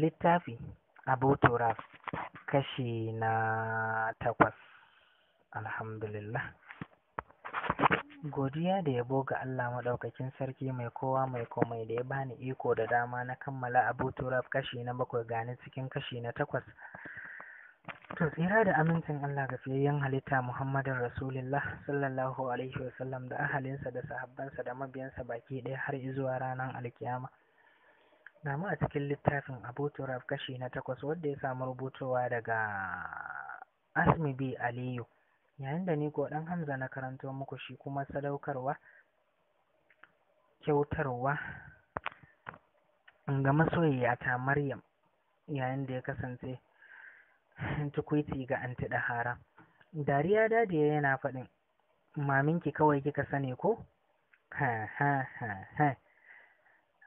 Littafi Abu turaf, kashi na takwas Alhamdulillah Godiya da yabo ga Allah maɗaukakin sarki mai kowa mai komai da ya bani iko da dama na kammala Abu turaf kashi na bakwai gani cikin kashi na takwas To tsira da amincin Allah ga fiyayyen halitta Muhammadin Rasulullah sallallahu alaihi wasallam da ahalinsa da sahabbansa da mabiyansa baki ɗaya har izuwa ranar alkiyama. na a cikin littafin Abu kashi na takwas wanda ya samu rubutowa daga Asmi B Aliyu yayin da ni ko dan Hamza na karanto muku shi kuma sadaukarwa kyautarwa ga masoyiya ta Maryam yayin da ya kasance tukuiti ga anti Dahara dariya dadiya yana faɗin maminki kawai kika sani ko ha ha ha ha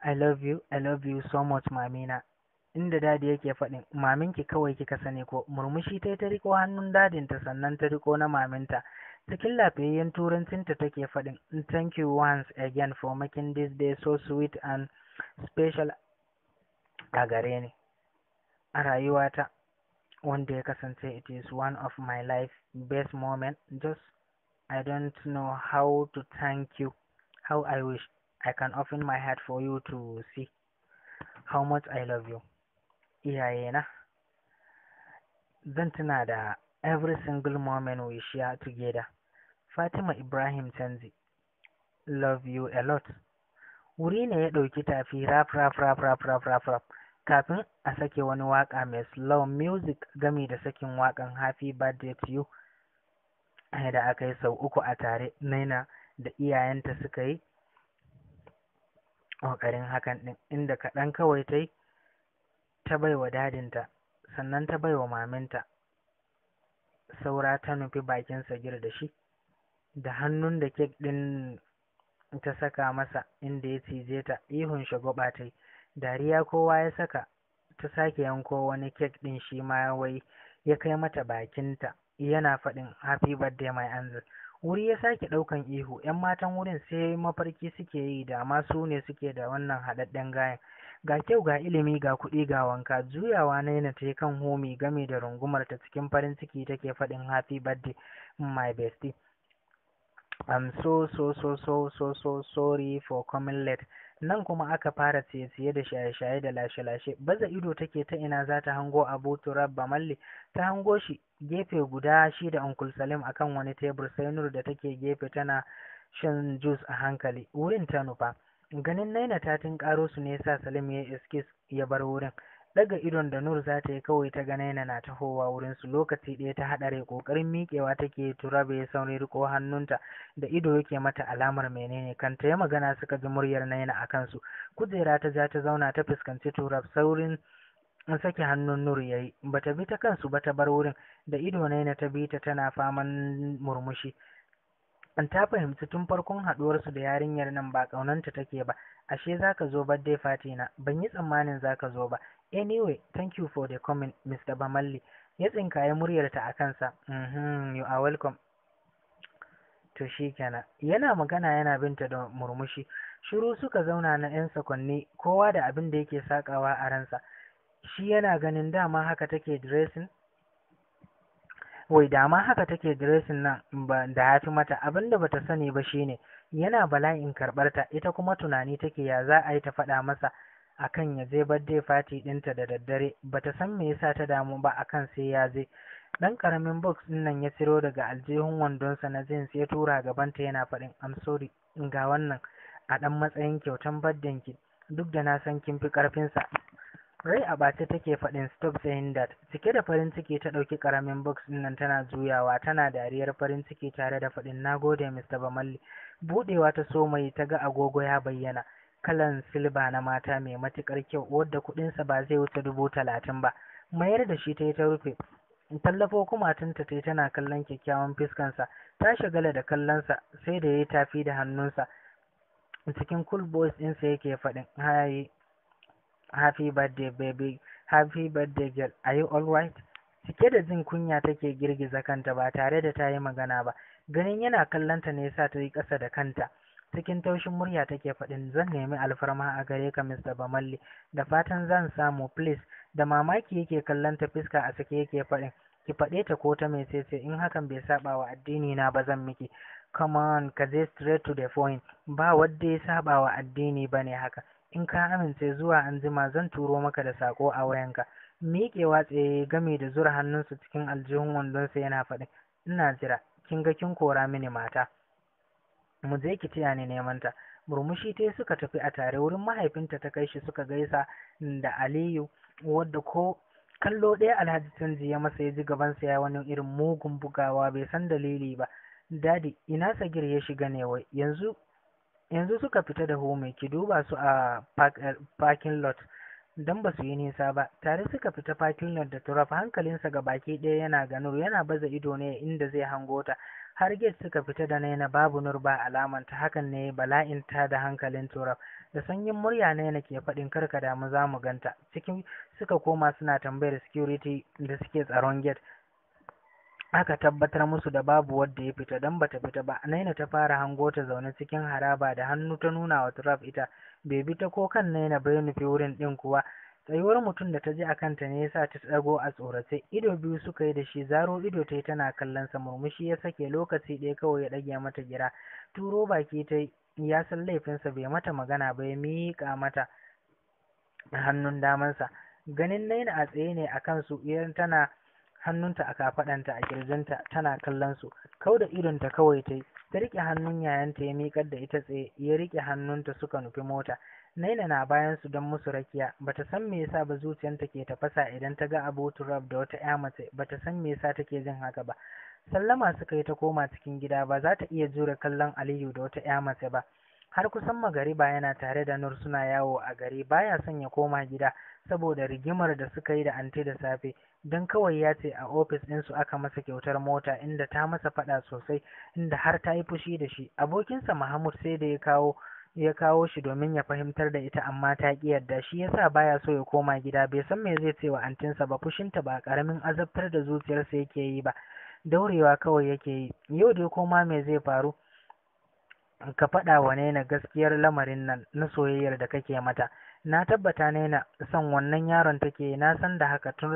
I love you, I love you so much mamina. Inda dadi yake faɗin, ki kawai kika sani ko murmushi ta yi ta riko hannun dadinta sannan ta riko na maminta. Cikin lafiyayyen turancinta take faɗin, thank you once again for making this day so sweet and special a gare ni. A rayuwata, wanda ya kasance it is one of my life best moment, just I don't know how to thank you, how I wish I can open my heart for you to see how much I love you. Iyayena, zan tuna da every single moment we share together. Fatima Ibrahim Tanzi, love you a lot. Wuri ne ya ɗauki tafi rap rap rap rap rap rap rap kafin a sake wani waƙa mai slow music gami da sakin waƙan happy birthday to you da aka yi sau uku a tare naina da iyayenta suka yi ƙoƙarin hakan ɗin inda kaɗan kawai ta yi ta bai wa dadinta sannan ta bai wa maminta saura ta nufi bakin sagir da shi da hannun da kek ɗin ta saka masa inda ya cije ta ihun shagoba ta yi dariya kowa ya saka ta sake yanko wani kek ɗin shi ma wai ya kai mata bakinta yana faɗin happy birthday my angel wuri ya sake ɗaukan ihu ‘yan matan wurin sai mafarki suke yi da ma su ne suke da wannan haɗaɗɗen gayan ga kyau ga ilimi ga kuɗi ga wanka juyawa yana ta kan homi game da rungumar ta cikin farin ciki take faɗin happy birthday my bestie I'm so so so so so so sorry for coming late nan kuma aka fara tsiye-tsiye da shaye-shaye da lashe-lashe baza ido take ta ina za ta hango abu turab malli ta hango shi gefe guda shi da uncle salim akan wani tebur sai nur da take gefe tana shan jus a hankali wurin ta nufa ganin naina ta karo su ne sa salim ya iskis ya bar wurin Daga idon da Nur za ta yi kawai ta ga Naina na tahowa wurinsu lokaci ɗaya ta haɗare ƙoƙarin miƙewa take tura bai sauri riko hannunta da ido yake mata alamar menene kanta ya magana suka ji muryar Naina a kansu. Kujera ta ja ta zauna ta fuskanci turab saurin in sake hannun Nur ya yi, ba ta bi ta kansu ba ta bar wurin da ido Naina ta bi ta tana faman murmushi. An ta fahimci tun farkon haɗuwarsu da yarinyar nan ba ƙaunanta take ba, ashe za ka zo dai fati na, ban yi tsammanin za ka zo ba, Anyway, thank you for the comment, Mr. Bamalli. Ya tsinkaye muryarta a kansa, mm you are welcome. To shi kenan. Yana magana yana binta da murmushi. Shiru suka zauna na 'yan sakonni, kowa da abin da yake sakawa a ransa. Shi yana ganin dama haka take dressing, wai dama haka take dressing nan da ya fi mata abin da bata sani ba shine yana bala'in karɓarta ita kuma tunani take ya za a yi ta faɗa masa akan ya je birthday party ɗinta da daddare ba ta san me yasa ta damu ba akan sai ya je dan karamin box din nan ya ciro daga aljihun wandonsa na jeans ya tura gabanta yana faɗin I'm sorry ga wannan a ɗan matsayin kyautan birthday ki duk da na san kin fi karfin sa rai a bace take faɗin stop saying that cike da farin ciki ta ɗauki karamin box din nan tana juyawa tana dariyar farin ciki tare da faɗin nagode Mr. Bamalli budewa ta so mai ta ga agogo ya bayyana kalan silba na mata mai matuƙar kyau wadda kuɗinsa ba zai wuce dubu talatin ba mayar da shi ta yi ta rufe tallafo kumatunta ta tana kallon kyakkyawan fuskansa ta shagala da kallonsa sai da ya yi tafi da hannunsa cikin cool boys ɗinsa yake faɗin hayayi happy birthday baby happy birthday girl are you all right?" cike da jin kunya take girgiza kanta ba tare da ta yi magana ba ganin yana kallonta ne sa ta yi ƙasa da kanta cikin taushin murya take faɗin zan nemi alfarma a gare ka Mr. Bamalli da fatan zan samu please da mamaki yake kallon ta fiska a sake yake faɗin ki faɗe ta ko ta mai in hakan bai saba wa addini na ba zan miki come on ka je straight to the point ba wanda ya saba wa addini bane haka in ka amince zuwa anjima zan turo maka da sako a wayanka miƙewa tsaye game da zura hannunsu cikin aljihun wandonsa yana faɗin ina jira kin ga kin kora mini mata mu je ki taya ni neman ta murmushi tai suka tafi a tare wurin mahaifinta ta kai shi suka gaisa da Aliyu wadda ko kallo ɗaya Alhaji Canji ya masa ya ji gabansa ya wani irin mugun bugawa bai san dalili ba dadi ina sagir ya shiga ne wai yanzu yanzu suka fita da home ki duba su a eh, parking lot don ba su yi nisa ba tare suka fita parking lot da turaf hankalinsa ga baki ɗaya yana ganuru yana baza ido ne inda zai hango ta har gate suka fita da naina babu nur ba alaman ta hakan ne bala'in ta da hankalin turab da sanyin murya naina ke faɗin karka damu za mu ganta cikin suka koma suna tambayar security da suke tsaron gate aka tabbatar musu da babu wadda ya fita dan bata fita ba naina ta fara hango ta zaune cikin haraba da hannu ta nuna wa turab ita bai bi ta ko kan naina bai nufi wurin din kuwa tsayuwar mutum da ta ji a kanta ne yasa ta tsago a tsorace ido biyu suka yi da shi zaro ido ta yi tana kallon sa murmushi ya sake lokaci ɗaya kawai ya ɗage mata gira turo baki ta ya san laifinsa bai mata magana ba ya miƙa mata hannun damansa ganin naina a tsaye ne a kansu idan tana hannunta a kafaɗanta a kirjinta tana kallon su kau da idonta kawai ta yi ta riƙe hannun yayanta ya miƙar da ita tsaye ya riƙe hannunta suka nufi mota Naina na bayan su don musu rakiya, bata san me yasa ba zuciyarta ke tafasa idan ta ga Abu Turab da wata ƴa mace, bata san me yasa take jin haka ba. Sallama suka yi ta koma cikin gida ba za ta iya jure kallon Aliyu da wata ƴa mace ba. Har kusan magariba yana tare da Nur suna yawo a gari baya son ya koma gida saboda rigimar da suka yi da anti da safe don kawai ya ce a ofis su aka masa kyautar mota inda ta masa faɗa sosai inda har ta yi fushi da shi abokinsa Mahmud sai da ya kawo ya kawo shi domin ya fahimtar da ita amma ta ƙi yarda shi yasa baya so ya koma gida bai san me zai ce wa antinsa ba fushinta ba ƙaramin azabtar da zuciyarsa yake yi ba daurewa kawai yake yi yau dai koma me zai faru ka faɗa wa Naina gaskiyar lamarin nan na soyayyar da kake mata na tabbata Naina son wannan yaron take na san da haka tun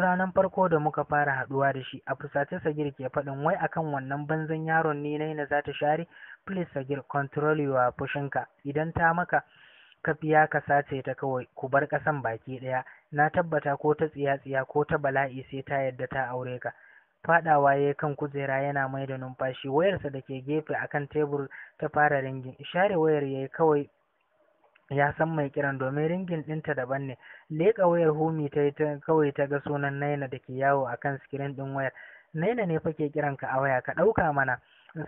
ranar farko da muka fara haɗuwa da shi a fusace Sagir faɗin wai akan wannan banzan yaron ne Naina za ta share please sagir control your fushinka idan ta maka kafiya ka sace ta kawai ku bar ƙasan baki ɗaya na tabbata ko ta tsiya-tsiya ko ta bala'i sai ta yadda ta aure ka faɗawa ya kan kujera yana mai da numfashi wayarsa da ke gefe akan tebur ta fara ringin share wayar ya kawai ya san mai kiran domin ringin ɗinta daban ne Leka wayar humi ta yi kawai ta ga sunan naina da ke yawo akan sikirin ɗin wayar naina ne fa ke ka a waya ka ɗauka mana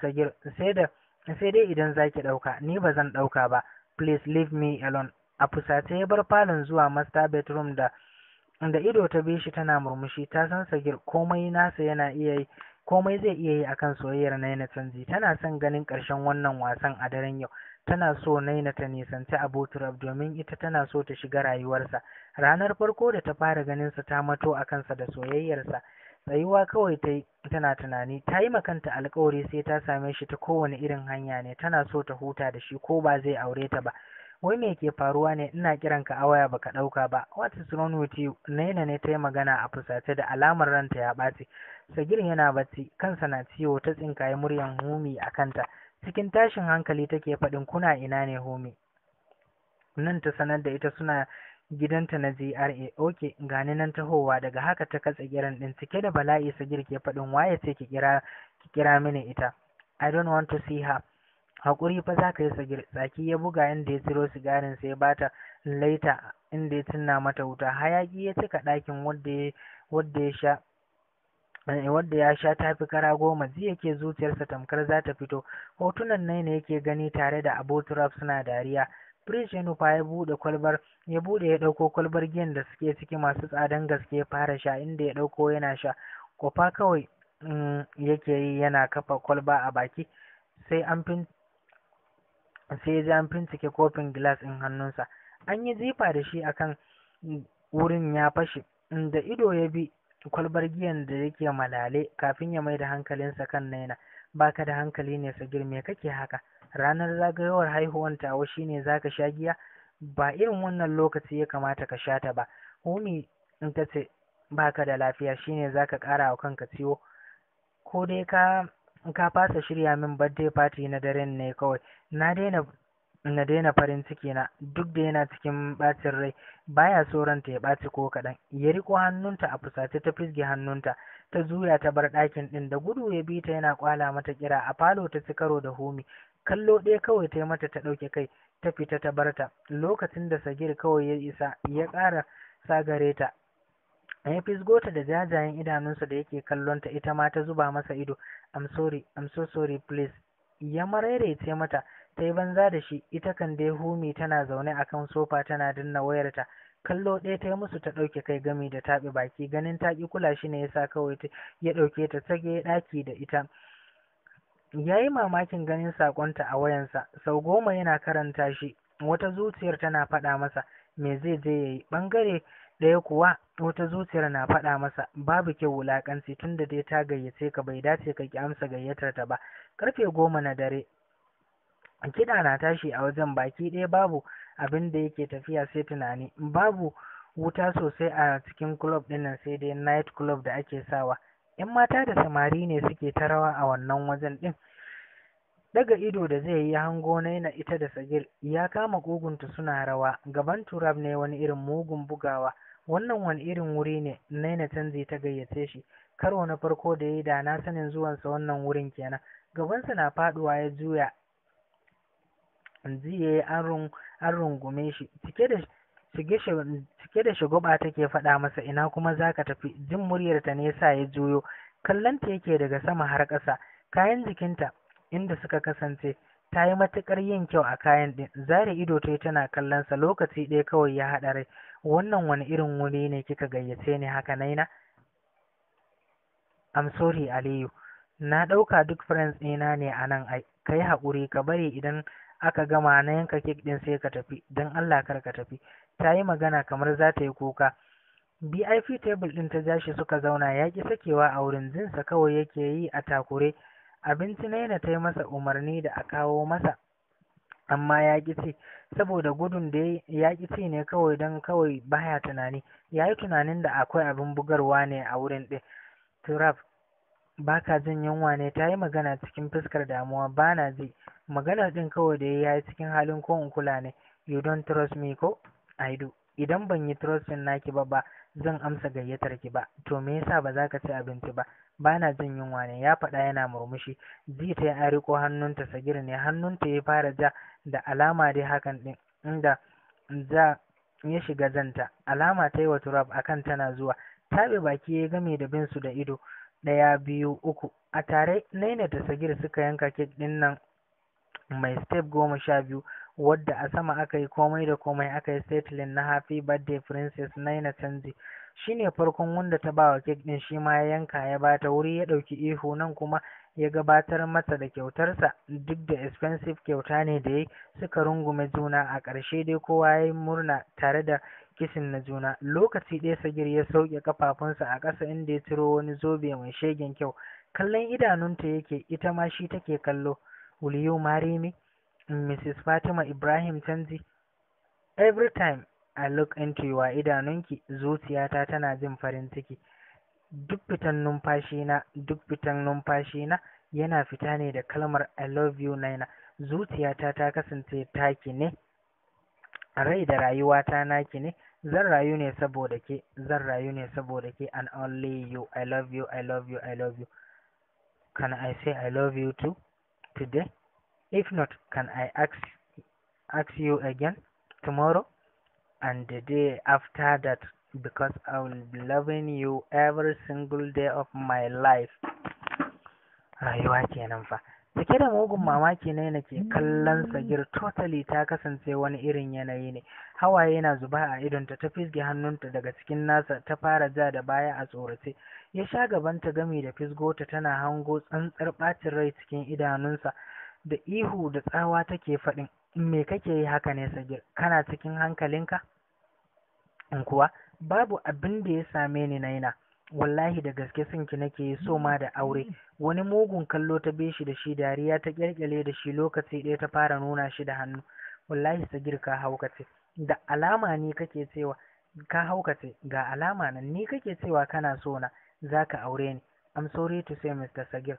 sagir sai da sai dai idan za ki ɗauka ni ba zan ɗauka ba please leave me alone a fusace ya bar falon zuwa master bedroom da da ido ta bi shi tana murmushi ta san sagir komai nasa yana iya yi komai zai iya yi akan soyayyar Naina canji tana son ganin ƙarshen wannan wasan a daren yau tana so Naina ta nisanci Abu domin ita tana so ta shiga rayuwarsa ranar farko da ta fara ganinsa ta mato akansa da soyayyarsa tsayuwa kawai ta yi tana tunani ta yi makanta alkawari sai ta same shi ta kowane irin hanya ne tana so ta huta da shi ko ba zai aure ta ba wai me ke faruwa ne ina kiran ka awaya baka ɗauka ba wata sunan wuti naina ne ta yi magana a fusace da alamar ranta ya ɓaci sagir yana bacci kansa na ciwo ta tsinkaye muryan humi a kanta cikin tashin hankali take faɗin kuna ina ne humi nan ta sanar da ita suna gidanta na GRA. Ok, gani nan tahowa daga haka ta katse kiran din cike da bala'i sa ke faɗin waye ce ki kira ki kira mini ita. I don't want to see her. Hakuri fa za ka yi Sagir. Tsaki ya buga inda ya ciro sigarin sai bata laita inda ya tunna mata wuta. Hayaki ya cika ɗakin wadda ya sha wanda ya sha eh, tafi kara goma zai yake zuciyarsa tamkar za ta fito hotunan nai ne yake gani tare da aboturaf suna dariya Prince ya nufa ya buɗe kwalbar ya buɗe ya ɗauko kwalbar giyan da suke ciki masu tsadan gaske ya fara sha inda ya ɗauko yana sha kofa kawai mm, yake yi yana kafa kwalba a baki sai an fin sai ya ji an fincike kofin gilas ɗin hannunsa an yi jifa da shi akan wurin ya fashe inda ido ya bi kwalbar giyan da yake malale kafin ya mai da hankalinsa kan naina baka da hankali ne sa girme kake haka ranar zagayowar haihuwan ne shine zaka sha giya ba irin wannan lokaci ya kamata ka sha ta ba homi in ta ce baka da lafiya shine zaka kara wa kanka ciwo ko dai ka ka fasa shirya min birthday party na daren ne kawai na daina na daina farin ciki na duk da yana cikin bacin rai baya so ranta ya ɓaci ko kaɗan ya riko hannunta a fusace ta fisge hannunta ta zuya ta bar ɗakin ɗin da gudu ya bi ta yana kwala mata kira a falo ta ci karo da homi kallo ɗaya kawai ta yi mata ta ɗauke kai ta fita ta barta lokacin da sagir kawai ya isa ya ƙara sagare ta ya fisgo ta da jajayen idanunsa da yake kallon ta ita ma ta zuba masa ido i'm sorry i'm so sorry please ya maraice mata ta yi banza da shi ita kan dai humi tana zaune a kan sofa tana danna wayarta kallo ɗaya ta yi musu ta ɗauke kai gami da taɓe baki ganin ta kula shi ne sa kawai ya ɗauke ta tsage ɗaki da ita ya yi mamakin ganin saƙonta a wayansa sau goma yana karanta shi wata zuciyar tana faɗa masa me zai je ya yi ɓangare ɗaya kuwa wata zuciyar na faɗa masa babu kyau wulaƙanci tun da dai ta gayyace ka bai dace ka ki amsa gayyatar ta ba karfe goma na dare kiɗa na tashi a wajen baki ɗaya babu abin da yake tafiya sai tunani babu wuta sosai a cikin club ɗinnan sai dai night club da ake sawa ‘yan mata da samari ne suke ta rawa a wannan wajen ɗin daga ido da zai yi hango na ita da sagir ya kama ƙugunta suna rawa gaban turab ne wani irin mugun bugawa wannan wani irin wuri ne naina canzi ta gayyace shi karo na farko da ya yi da na sanin zuwansa wannan wurin kenan gabansa na faɗuwa ya juya yi an rungume shi cike da cike da shagwaba take faɗa masa ina kuma za ka tafi jin muryarta ne sa ya juyo kallonta yake daga sama har ƙasa kayan jikinta inda suka kasance ta yi matuƙar yin kyau a kayan ɗin zare ido ta tana kallonsa lokaci ɗaya kawai ya haɗa rai wannan wani irin wuri ne kika gayyace ni haka naina I'm sorry Aliyu na ɗauka duk friends ɗina ne a nan ai ka yi haƙuri ka bari idan aka gama na yanka kek ɗin sai ka tafi don Allah kar ka tafi ta yi magana kamar za ta yi kuka BIP table ɗin ta jashi suka zauna ya ƙi sakewa a wurin jinsa kawai yake yi a takure abinci na yana ta yi masa umarni da a kawo masa amma ya ƙi ci saboda gudun da ya ƙi ci ne kawai don kawai baya tunani ya yi tunanin da akwai abin bugarwa ne a wurin ɗin turaf ba ka jin yunwa ne ta yi magana cikin fuskar damuwa ba na ji maganar ɗin kawai da ya yi cikin halin ko in kula ne you don't trust me ko i do idan ban yi trustin naki ba ba zan amsa gayyatar ki ba to me yasa ba za ka ci abinci ba bana jin yunwa ne ya faɗa yana murmushi ji ta ya riko hannunta sagir ne hannunta ya fara ja da alama dai hakan din inda ja ya shiga zanta alama ta yi wa turab kan tana zuwa taɓe baki ya game da bin su da ido ɗaya biyu uku a tare naina da sagir suka yanka kek ɗin nan mai step goma sha biyu wadda a sama aka yi komai da komai aka yi settling na happy birthday princess naina canji shine farkon wanda ta bawa kek din shi ma ya yanka ya bata wuri ya ɗauki ihu nan kuma ya gabatar masa da kyautarsa duk da expensive kyauta ne da ya suka rungume juna a ƙarshe dai kowa ya yi murna tare da kisin na juna lokaci ɗaya sagir ya sauke kafafunsa a ƙasa inda ya ciro wani zobe mai shegen kyau kallon idanunta yake ita ma shi take kallo Will you marry me? Mrs. Fatima Ibrahim canji. Every time I look into your idanunki zuciyata tana jin farin ciki. Duk fitan numfashina, duk fitan numfashina yana fita ne da kalmar I love you Naina. Zuciyata ta kasance taki ne, rai da rayuwata naki ne, zan rayu ne saboda ke, zan rayu ne saboda ke and only you. I love you, I love you, I love you. Can I say I love you too? today? If not, can I ask ask you again tomorrow and the day after that because I will be loving you every single day of my life. Rayuwa kenan fa. cike da mugun hmm. mamaki ne nake kallon sa hmm. gir totally ta kasance wani irin yanayi ne hawaye na zuba a idonta ta fisge hannunta daga cikin nasa ta fara ja da baya a tsorace ya sha gaban ta gami da fisgota tana hango tsantsar bacin rai cikin idanunsa da ihu da tsawa take faɗin me kake yi haka ne sagir kana cikin hankalinka in kuwa babu abin da ya same ni naina wallahi da gaske sinki ki nake so ma da aure wani mugun kallo ta bi shi da shi dariya ta kyalkyale da shi lokaci ɗaya ta fara nuna shi da hannu wallahi sagir ka haukace da alama ni kake cewa ka haukace ga alama nan ni kake cewa kana so na zaka aure ni I'm sorry to say Mr. Sagir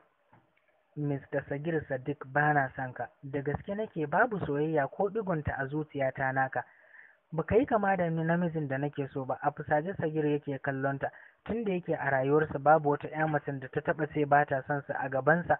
Mr. Sagir Sadiq bana son da gaske nake babu soyayya ko digonta a zuciyata naka baka yi kama da namijin da nake so ba a fusaje sagir yake kallonta tun da yake a rayuwarsa babu wata ƴa macen da ta taɓa sai ba ta son sa a gabansa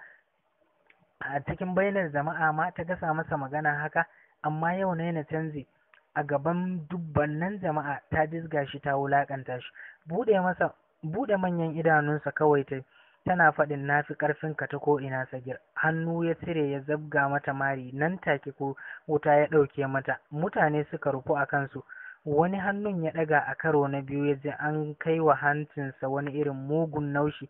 a cikin bainar jama'a ma ta gasa masa magana haka amma yau na yana canji a gaban dubbannan jama'a ta jizga shi ta wulaƙanta shi bude masa buɗe manyan idanunsa kawai ta yi. tana faɗin na fi ƙarfinka ta ko'ina sagir hannu ya cire ya zabga mata mari nan take ko wuta ya ɗauke mata mutane suka rufu a kansu wani hannun ya ɗaga a karo na biyu ya ji an kai wa hancinsa wani irin mugun naushi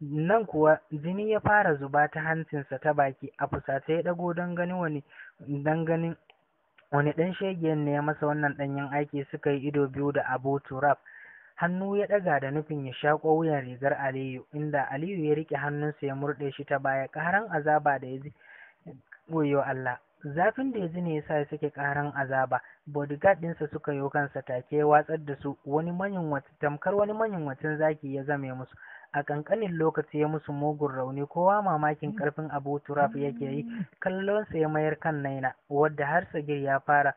nan kuwa jini ya fara zuba ta hancinsa ta baki a fusata ya ɗago don gani wani don ganin wani ɗan shegiyan ne ya masa wannan ɗanyen aiki suka yi ido biyu da abu turab hannu ya ɗaga da nufin ya sha wuyan rigar Aliyu inda Aliyu ya riƙe hannunsa ya murɗe shi ta baya ƙaran azaba da ya ji goyo Allah zafin da ya ji ne ya sa ya sake ƙaran azaba bodyguard ɗinsa suka yi kansa take ya watsar da su wani manyan tamkar wani manyan watan zaki ya zame musu a ƙanƙanin lokaci ya musu mugun rauni kowa mamakin ƙarfin abu turaf yake yi kallonsa ya mayar kan naina wadda har sagir ya fara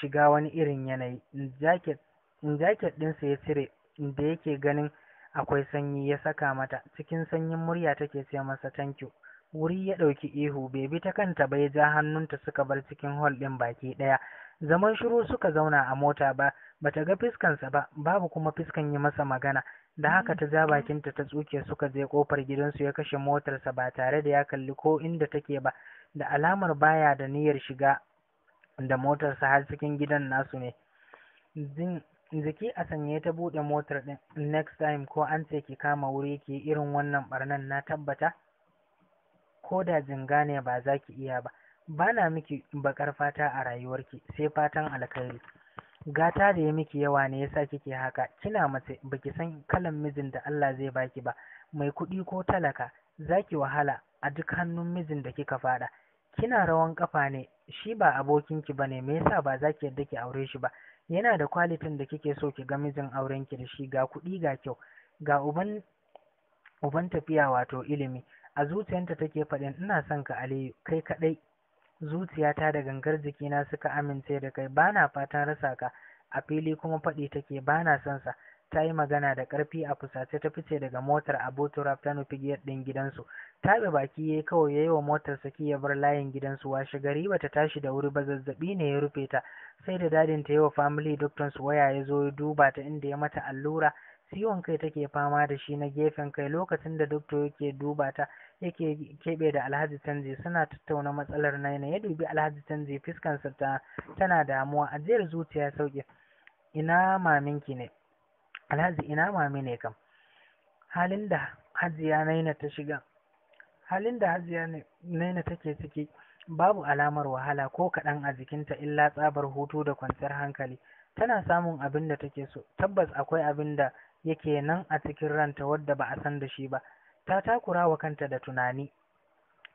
shiga wani irin yanayi jacket Jaket ɗinsa ya cire da yake ganin akwai sanyi ya saka mata, cikin sanyin murya take ce masa thank Wuri ya ɗauki ihu, bai bi ta kanta ba ya ja hannunta suka bar cikin hol ɗin baki ɗaya. Zaman shiru suka zauna a mota ba, bata ga fiskansa ba, babu kuma fiskan yi masa magana. Da haka ta ja bakinta ta tsuke suka je kofar gidansu ya kashe motarsa ba tare da ya kalli ko inda take ba, da alamar baya da niyyar shiga da motarsa har cikin gidan nasu ne. Jin Ziki a sanye ta buɗe motar ɗin, next time ko an ce ki kama wuri ki irin wannan barnan na tabbata? Ko da jinga ne ba za ki iya ba, ba na miki baƙar fata a rayuwarki sai fatan alkhairi. Gata da ya miki yawa ne yasa kike haka, kina mace baki san kalan mijin da Allah zai baki ba, mai kuɗi ko talaka, zaki wahala a duk hannun mijin da kika faɗa. Kina rawan kafa ne, shi ba abokinki ba ne, me yasa ba zaki ki yarda ki aure shi ba? yana da kwalitin da kike so ki ga mijin auren ki da shi ga kuɗi ga kyau ga uban uban tafiya wato ilimi a zuciyanta take faɗin ina son ka Aliyu kai kaɗai zuciyata da gangar jikina suka amince da kai bana fatan rasa ka a fili kuma faɗi take bana son sa ta yi magana da ƙarfi a fusace ta fice daga motar a boturaf ta nufi ɗin gidansu Taɓa baki ya yi kawai ya yi wa motar saki ya bar layin gidansu washe gari bata tashi da wuri ba zazzaɓi ne ya rufe ta sai da dadin ta yi wa famili duktarsu waya ya zo duba ta inda ya mata allura ciwon kai take fama da shi na gefen kai lokacin da doktor yake duba ta yake keɓe da alhaji canji suna tattauna matsalar na ya dubi alhaji canji fuskansa ta tana damuwa ajiyar zuciya sauke ina maminki ne alhaji ina mami ne kam halin da hajiya naina ta shiga halin da hajiya naina take ciki babu alamar wahala ko kaɗan a jikinta illa tsabar hutu da kwanciyar hankali tana samun abin da take so tabbas akwai abin da yake nan a cikin ranta wadda ba a san da shi ba ta takura wa kanta da tunani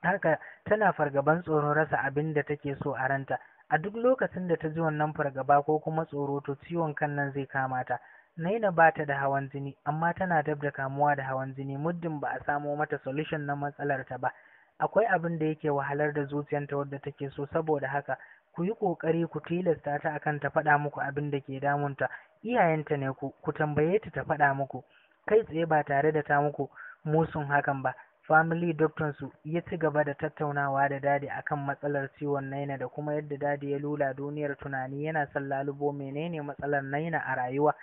haka tana fargaban tsoron rasa abin da take so a ranta a duk lokacin da ta ji wannan fargaba ko kuma tsoro to ciwon kan nan zai kama ta Naina ba ta da hawan jini, amma tana dab da kamuwa da hawan jini muddin ba a samo mata solution na matsalarta ba. Akwai abin da yake wahalar da zuciyarta wadda take so saboda haka ku yi ƙoƙari ku tilasta ta akan ta faɗa muku abin da ke damunta. Iyayenta ne ku, ku tambaye ta ta faɗa muku. Kai tsaye ba tare da ta muku musun hakan ba. Family doctor su ya ci gaba da tattaunawa da dadi akan matsalar ciwon naina da kuma yadda dadi ya lula duniyar tunani yana son lalubo menene matsalar naina a rayuwa.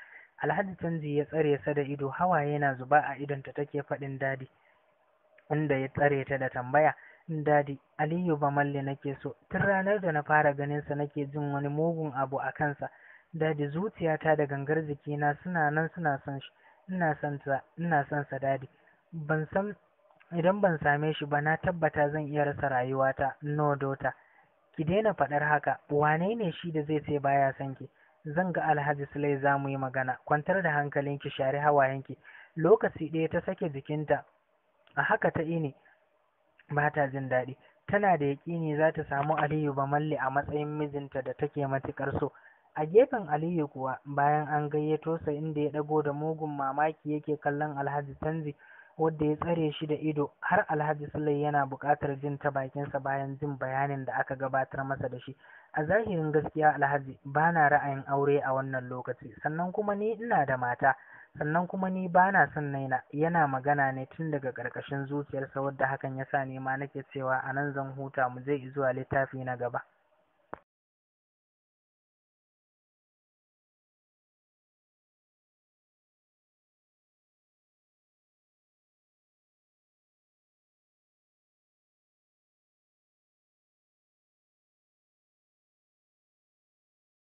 alhaji canji ya tsare sa da ido hawaye na zuba a idonta take faɗin dadi inda ya tsare ta da tambaya dadi aliyu ba malle nake so tun ranar da na fara ganin sa nake jin wani mugun abu a kansa dadi zuciyata da gangar jikina suna nan suna son shi ina son sa ina son sa dadi ban san idan ban same shi ba na tabbata zan iya rasa rayuwata no dota ki daina faɗar haka wane ne shi da zai sai baya son ki zan ga alhaji sulai za mu yi magana kwantar da hankalinki share hawayenki lokaci ɗaya ta sake jikinta a haka ta ini ba ta jin daɗi tana da yaƙini za ta samu aliyu bamalle a matsayin mijinta da take matuƙar so a gefen aliyu kuwa bayan an gayyato sa inda ya ɗago da mugun mamaki yake kallon alhaji tanzi wadda ya tsare shi da ido har alhaji sulai yana buƙatar jin ta bakinsa bayan jin bayanin da aka gabatar masa da shi a zahirin gaskiya alhaji ba na ra'ayin aure a wannan lokaci sannan kuma ni ina da mata sannan kuma ni ba na son naina yana magana ne tun daga ƙarƙashin zuciyarsa wadda hakan ya sa ma nake cewa a nan zan huta mu zai zuwa littafi na gaba